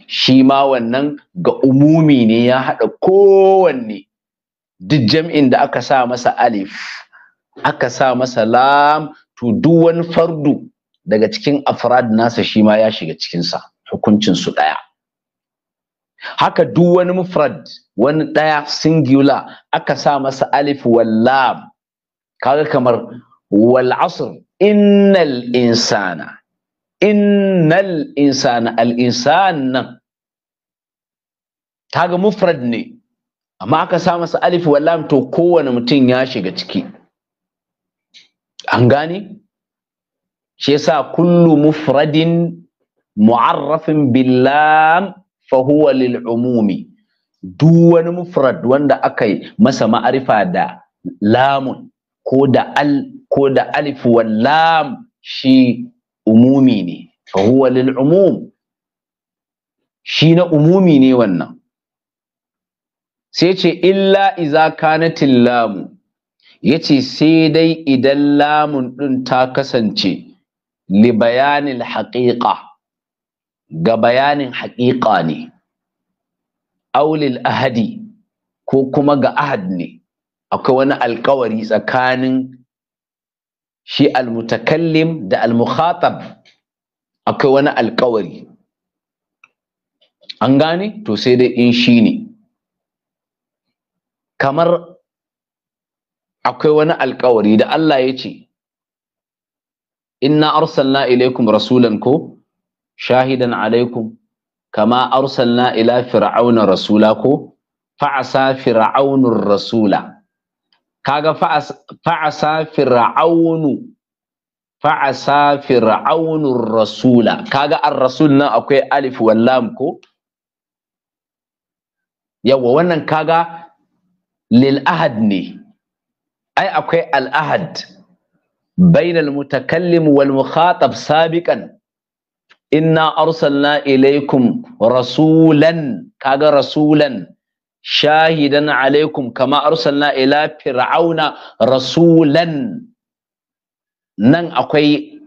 shi ma wannan ga umumi ne ya haɗa kowanne duk jam'in da aka sa masa alif aka sa masa lam to duk fardu daga cikin afrad nasa shi ma ya shiga cikinsa hukuncin su ɗaya haka duk wani mufrad wani ɗaya singular aka sa masa alif wallab kaga kamar wal asr innal insana innal insana al insan nan kaga mufrad ne amma aka sa masa alif wallam to kowane mutum ya shiga ciki an gane shi yasa kullu mufradin mu'arrafin billam fa lil umumi duk wani mufrad wanda aka yi masa ma'arifa da lamun ko da al ko da alif wal lam shi umumi ne fa lil umum shi na umumi ne wannan sai ce illa iza kanatil lamu yace sai dai idan lamun din ta kasance li bayanil haqiqa ga bayanin haƙiƙa ne aulil ahadi ko kuma ga ahad ne akwai wani alkawari tsakanin shi almutakallim da almukhatab akwai wani alkawari an gane to sai dai in shi ne kamar akwai wani alkawari da Allah ya ce inna arsalna ilaikum rasulan ko shahidan alaikum kama arsalna ila fir'auna rasula ko fa'asa fir'aunur rasula kaga fa'asa fir'aunu kaga akwai alif wal yawa wannan kaga lil ahad ne ai akwai al ahad bainal mutakallim wal mukhatab sabiqan inna arsalna ilaikum rasulan kaga rasulan shahidan alaikum kama arsalna ila fir'auna rasulan nan akwai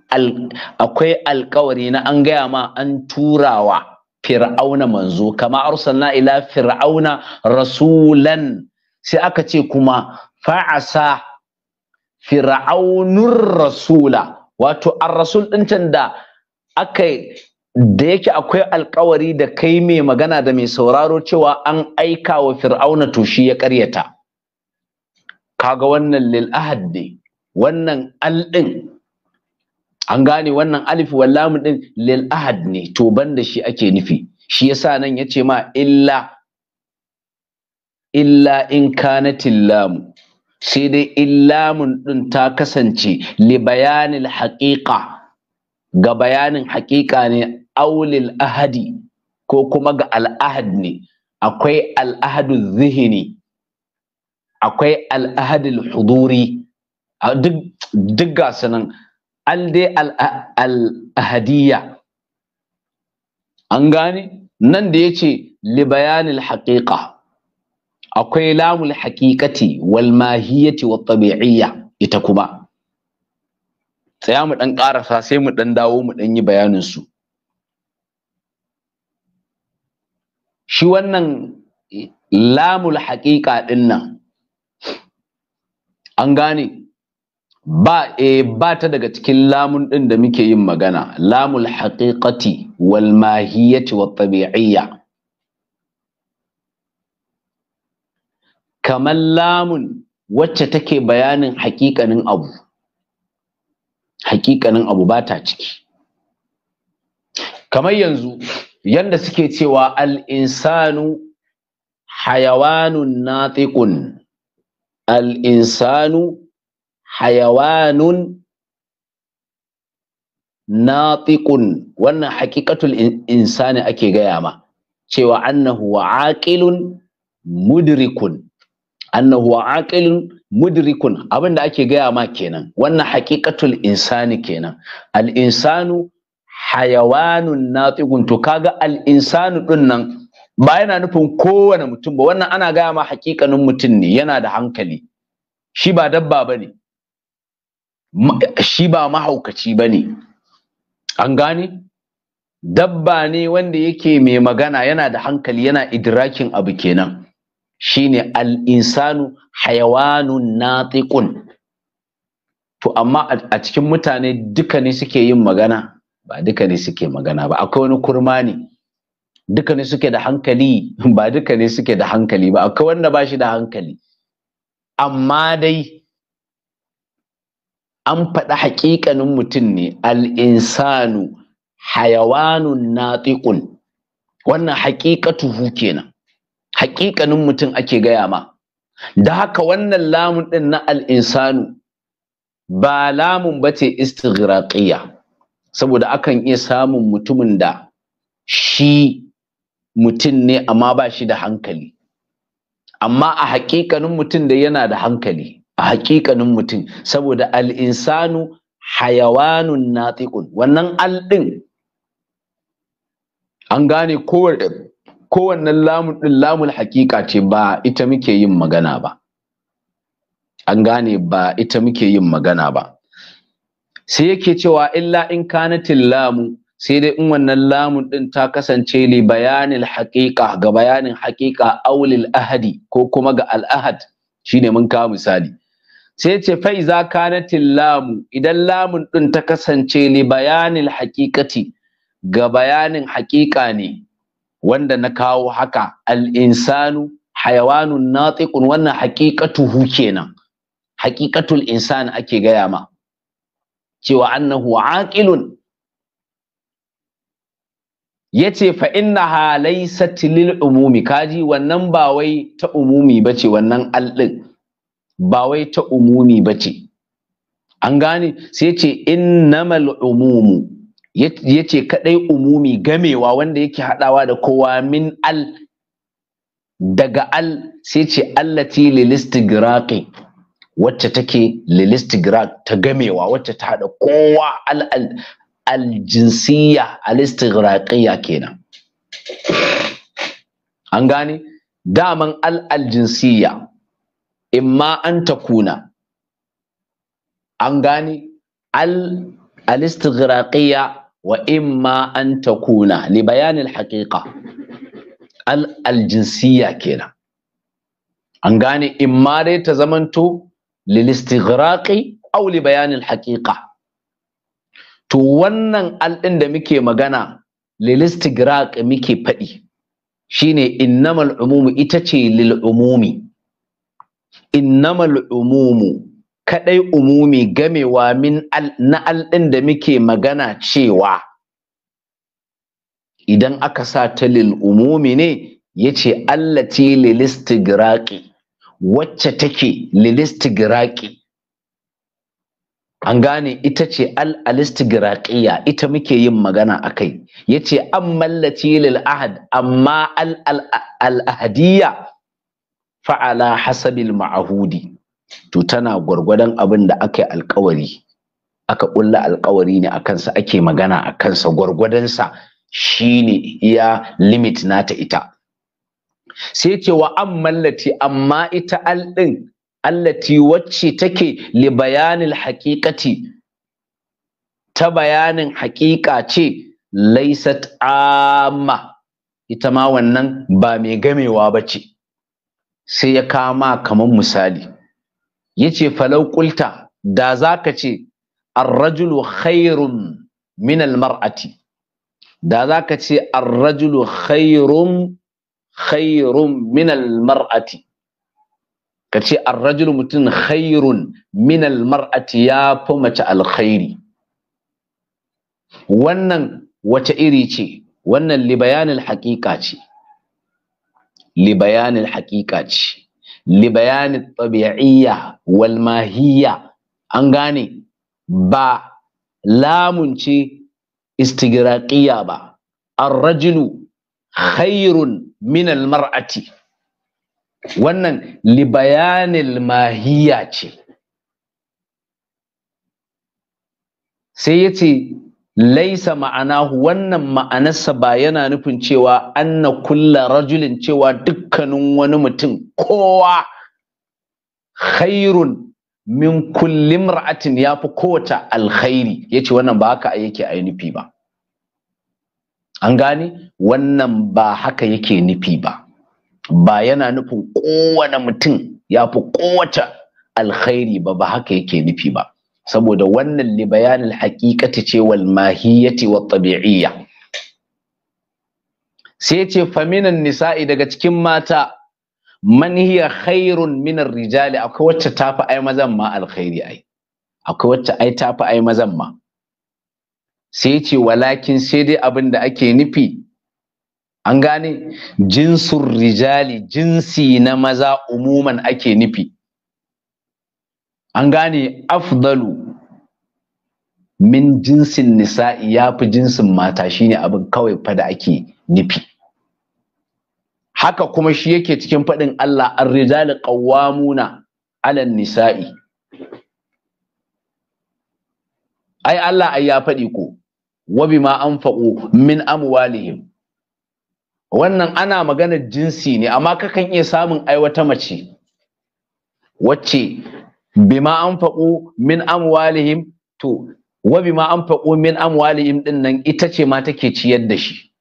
akwai alkawari na an gaya ma an turawa fir'auna manzo kama arsalna ila fir'auna rasulan sai aka ce kuma fa'asa fir'aunur rasula wato ar-rasul din da aka da yake akwai alƙawari da kai mai magana da mai sauraro cewa an aika wa fir'auna to shi ya karyata kaga wannan lil ahad ne wannan al din an gane wannan alif wallamu din lil ahad ne to banda shi ake nufi shi yasa nan yace ma illa illa in kanatil lamu sai dai illamun din ta kasance li bayanil haqiqa ga bayanin haƙiƙa ne aulil ahadi ko kuma ga al'ahad ne akwai al'ahadu zihini akwai al'ahadul huduri duk gasu nan an dai al'ahadiyya an gane nan da ya ce libayanil haƙiƙa akwai lamul haƙiƙati wal mahiyati wa tabi'iyya ita kuma tsaya mu dan karasa sai mu dan dawo mu dan yi bayanin su shi wannan lamul haqiqa din nan an gane ba e ba ta daga cikin lamun din da muke yin magana lamul haƙiƙati wal mahiyati wat tabi'iyya kamar lamun wacce take bayanin haƙiƙanin abu haƙiƙanin abu ba ta ciki kamar yanzu yanda suke cewa al'insanu hayawanun natiqun al'insanu hayawanun natiqun wannan haƙiƙatul insani ake gaya ma cewa annahu wa aqilun mudrikun annahu wa aqilun mudrikun abin da ake gaya ma kenan wannan haƙiƙatul insani kenan al insanu hayawanun natiqun to kaga al insanu din nan ba yana nufin kowane mutum ba wannan ana gaya ma haƙiƙanin mutum ne yana da hankali shi ba dabba bane shi ba mahaukaci bane an gane dabba ne wanda yake mai magana yana da hankali yana idrakin abu kenan shine al-insanu hayawanun natiqun to amma a cikin mutane duka ne suke yin magana ba duka ne suke magana ba akwai wani kurma ne duka ne suke da hankali <laughs> ba duka ne suke da hankali ba akwai wanda ba shi da hankali amma dai an faɗi haƙiƙanin mutum ne al'insanu hayawanun natiqun wannan haƙiƙatuhu kenan haƙiƙanin mutum ake gaya ma da haka wannan lamun ɗin na al'insanu ba lamun ba ce istighraqiyya saboda akan iya samun mutumin da shi mutum ne amma ba shi da hankali amma a haƙiƙanin mutum da yana da hankali a haƙiƙanin mutum saboda al'insanu hayawanun natiƙun wannan al'ɗin an gane kowar Kowannan lamun din lamun hakika ce ba ita muke yin magana ba an gane ba ita muke yin magana ba sai yake cewa illa in kanatin lamu sai dai in wannan lamun din ta kasance li bayanil haƙiƙa. ga bayanin haƙiƙa aulil ahadi ko kuma ga al'ahad shine mun ka misali sai ce fa iza kanatin lamu idan lamun din ta kasance li bayanil haƙiƙati ga bayanin haƙiƙa ne wanda na kawo haka al-insanu hayawanun natiqun wannan haqiqatuhu kenan haqiqatul insan ake gaya ma cewa annahu aqilun yace fa innaha laysat lil umumi kaji wannan ba wai ta umumi bace wannan al din ba wai ta umumi bace an gane sai ce innamal umumu ya ce kaɗai umumi gamewa wanda yake haɗawa da kowa min al daga al sai ce allati lilistigraqi wacce take lilistigraq ta gamewa wacce ta haɗa kowa al al aljinsiyya alistigraqiyya kenan an gane daman al aljinsiyya imma an takuna an gane al alistigraqiya wa imma an takuna li bayanin haƙiƙa al'aljinsiyya kenan an gane imma dai ta zamanto lilistighraqi aw li bayanin haƙiƙa to wannan al'in da muke magana lilistighraq muke faɗi shine innamal umumu ita ce lil umumi innamal umumu kadai umumi gamewa min al na al da muke magana cewa idan aka sa ta lil umumi ne yace allati lil istigraqi wacce take lil istigraqi an gane ita ce al ita muke yin magana a kai ya ce an mallaci lil ahad amma al-ahadiyya fa'ala hasabil ma'ahudi to tana gwargwadon abin da aka yi alkawari aka ƙulla alkawari ne a kansa ake magana a kansa gwargwadonsa ne iya limit ta ita sai ce wa mallati amma ita alɗin allati wacce take li bayanin haƙiƙati ta bayanin haƙiƙa ce laisat amma ita ma wannan ba mai gamewa ba ce sai ya kama kamar misali yace falau kulta, da zaka ce ar-rajulu khairun min al-mar'ati da zaka ce ar-rajulu khairum khairun min al-mar'ati kace ar-rajulu mutun khairun min al-mar'ati ya fi mace alkhairi wannan wace iri ce wannan libayanil haqiqa ce libayanil haqiqa ce libayani tabi'iyya wal mahiyya an gane ba lamun ce istigraqiyya ba ar-rajulu khairun min al-mar'ati wannan libayani bayanil mahiyya ce sai yace laisa ma'anahu wannan ma'anarsa ba yana nufin cewa anna kulla rajulin cewa dukkanin wani mutum kowa khairun min kulli mar'atin ya fi kowace alkhairi ya ce wannan ba haka yake a nufi ba an gane wannan ba haka yake nufi ba ba yana nufin kowane mutum ya fi kowace alkhairi ba ba haka yake nufi ba saboda wannan libayanin bayanil haqiqati ce wal mahiyati wat tabi'iyya sai ce faminan nisa'i daga cikin mata man hiya khairun min rijali akwai wacce tafi ai mazan ma alkhairi ai akwai wacce ai ai mazan ma sai ce walakin sai dai abin da ake nufi an gane Jinsin rijali jinsi na maza umuman ake nufi an gane afdalu min jinsin nisa'i ya fi jinsin mata shine abin kawai fa ake nufi haka kuma shi yake cikin faɗin Allah ar-rijalu qawwamuna 'ala nisa'i ai Allah ai ya faɗi ko wa bima anfaqu min amwalihim wannan ana maganar jinsi ne amma kakan iya samun ai wata mace wacce bima an anfaqu min amwalihim to wa bima an anfaqu min amwalihim din nan ita ce ma take ciyar da shi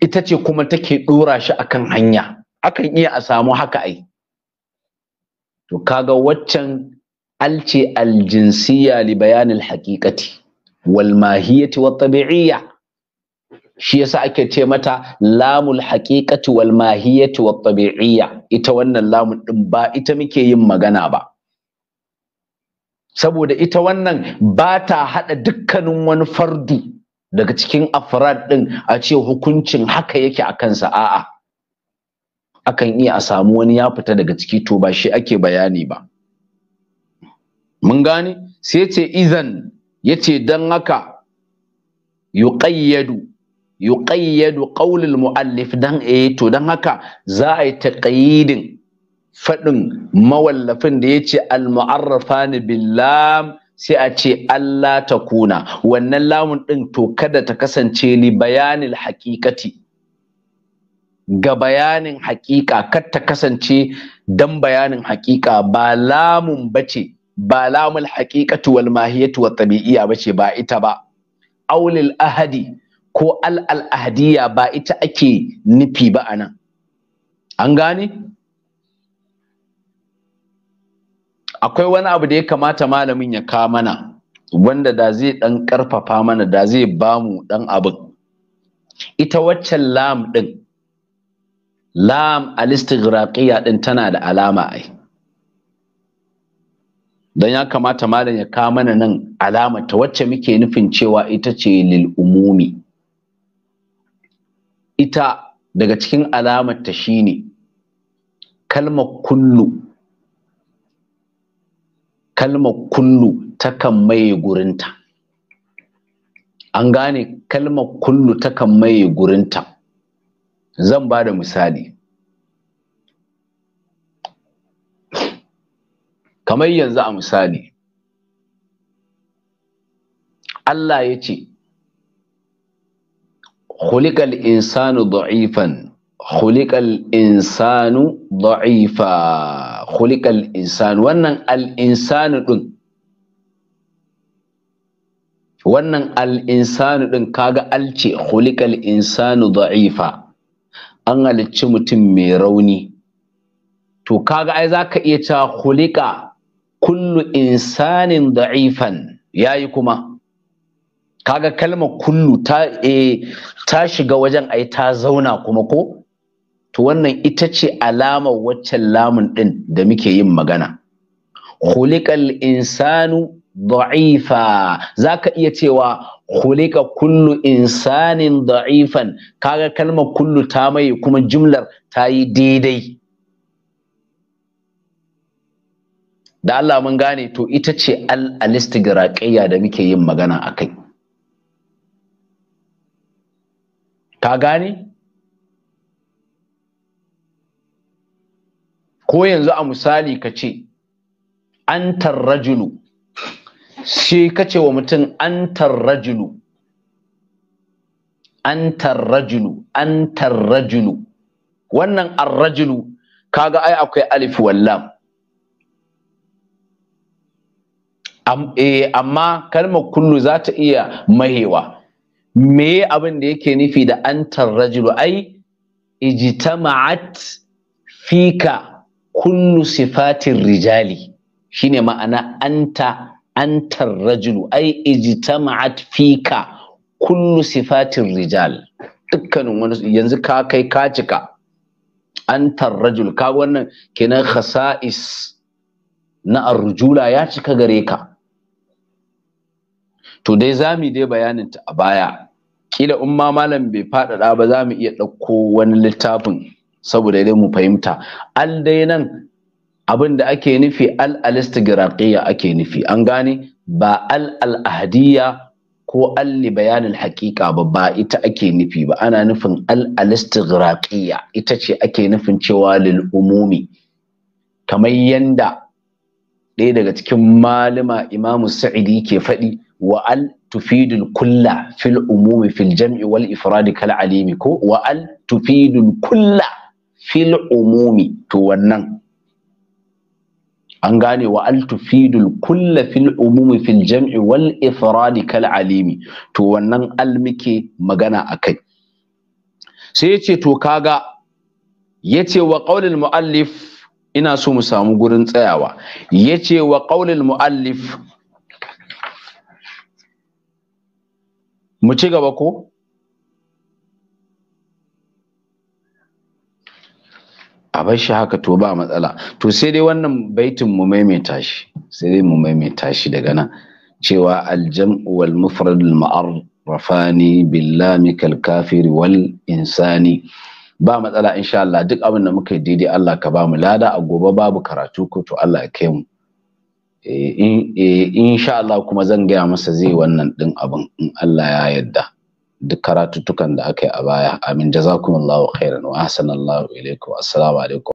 ita ce kuma take dora shi akan hanya akan iya a samu haka ai to kaga waccan alce aljinsiya li bayanil haqiqati wal mahiyati wat tabi'iyya shi yasa ake ce mata lamul haqiqati wal mahiyati wat tabi'iyya ita wannan lamun din ba ita muke yin magana ba saboda ita wannan ba ta haɗa dukkanin wani fardu daga cikin afrad ɗin a ce hukuncin haka yake a kansa a'a akan iya a samu wani ya fita daga ciki to ba shi ake bayani ba mun gane sai ce izan ya ce don haka yuƙayyadu yuƙayyadu ƙaulil mu'allif dan eh to don haka za a yi taƙayidin faɗin mawallafin da ya ce al-mu'arrafani billam sai a ce Allah ta kuna wannan lamun ɗin to kada ta kasance ni bayanin hakikati ga bayanin hakika kar ta kasance dan bayanin hakika ba lamun bace ba lamun hakikatu wal mahiyatu wat tabi'iyya bace ba ita ba aulil ahadi ko al al ahadiyya ba ita ake nufi ba anan an gane akwai wani abu da ya kamata malamin ya ka mana wanda da zai dan karfafa mana da zai bamu dan abin ita waccan lam din lam al din tana da alama ai dan ya kamata malam ya ka mana nan alama ta wacce muke nufin cewa ita ce lil umumi ita daga cikin alamar ta shine kalmar kullu kalmar kullu takan maye gurinta an gane kalmar kullu takan maye gurinta zan ba da misali kamar yanzu a misali Allah ya ce khuliqal insanu da'ifan khuliqal insanu da'ifa khuliqal insanu wannan al-insanu din wannan al-insanu din kaga alce khuliqal insanu da'ifa an halicci mutum mai rauni to kaga ai zaka iya cewa khuliqa kullu insanin da'ifan yayi kuma kaga kalmar kullu ta eh, ta shiga wajen ai ta zauna kuma ko to wannan ita ce alamar waccan lamun ɗin da muke yin magana khuliqal insanu da'ifa zaka iya cewa khuliqa kullu insanin da'ifan kaga kalmar kullu ta mai kuma jumlar ta yi daidai da Allah mun gane to ita ce al da muke yin magana akai ka gane ko yanzu a misali ka ce antar tarrajulu sai ka ce wa mutum antar tarrajulu antar tarrajulu antar tarrajulu wannan arrajulu kaga ai akwai alif wallam eh, amma kalmar kullu za ta iya mahewa me abin da yake nufi da antar tarrajulu ai ijtama'at fika kullu sifatin rijali shine ma'ana anta antar rajulu ai ijtama'at fika kullu sifatin rijal dukkanin wani yanzu ka kai ka cika antar rajul ka wannan kenan khasa'is na arjula ya cika gare ka to dai zamu dai bayanin ta a baya kila umma malam bai faɗaɗa ba za mu iya ɗauko wani littafin saboda dai mu fahimta al dai nan abin da ake nufi al alistigraqiyya ake nufi an gane ba al al ko al li bayanin haqiqa ba ba ita ake nufi ba ana nufin al alistigraqiyya ita ce ake nufin cewa lil umumi kamar yanda ɗaya daga cikin malama imamu sa'idi ke faɗi wa al tufidul kulla fil umumi fil jam'i wal ifradi kal alimi ko wa al tufidul kulla fil umumi to wannan an gane wa altufidul kulla fil umumi fil jam'i wal ifradi kal alimi to wannan al muke magana akai sai yace to kaga yace wa qaulul muallif ina so mu samu gurin tsayawa yace wa qaulul muallif mu ci gaba ko a bar shi haka to ba matsala to sai dai wannan baitin mu maimaita shi sai dai mu maimaita shi daga nan cewa aljam'u wal mufrad al ma'arrafani billami kal kafiri wal insani ba matsala insha Allah duk abin da muka yi daidai Allah ka ba mu lada a gobe babu karatu ko to Allah ya kai mu eh, eh, insha Allah kuma zan gaya masa zai wannan din abin in Allah ya yarda duk karatuttukan da aka yi a baya amin jazakumullahu khairan wa ahsanallahu ilaikum assalamu alaikum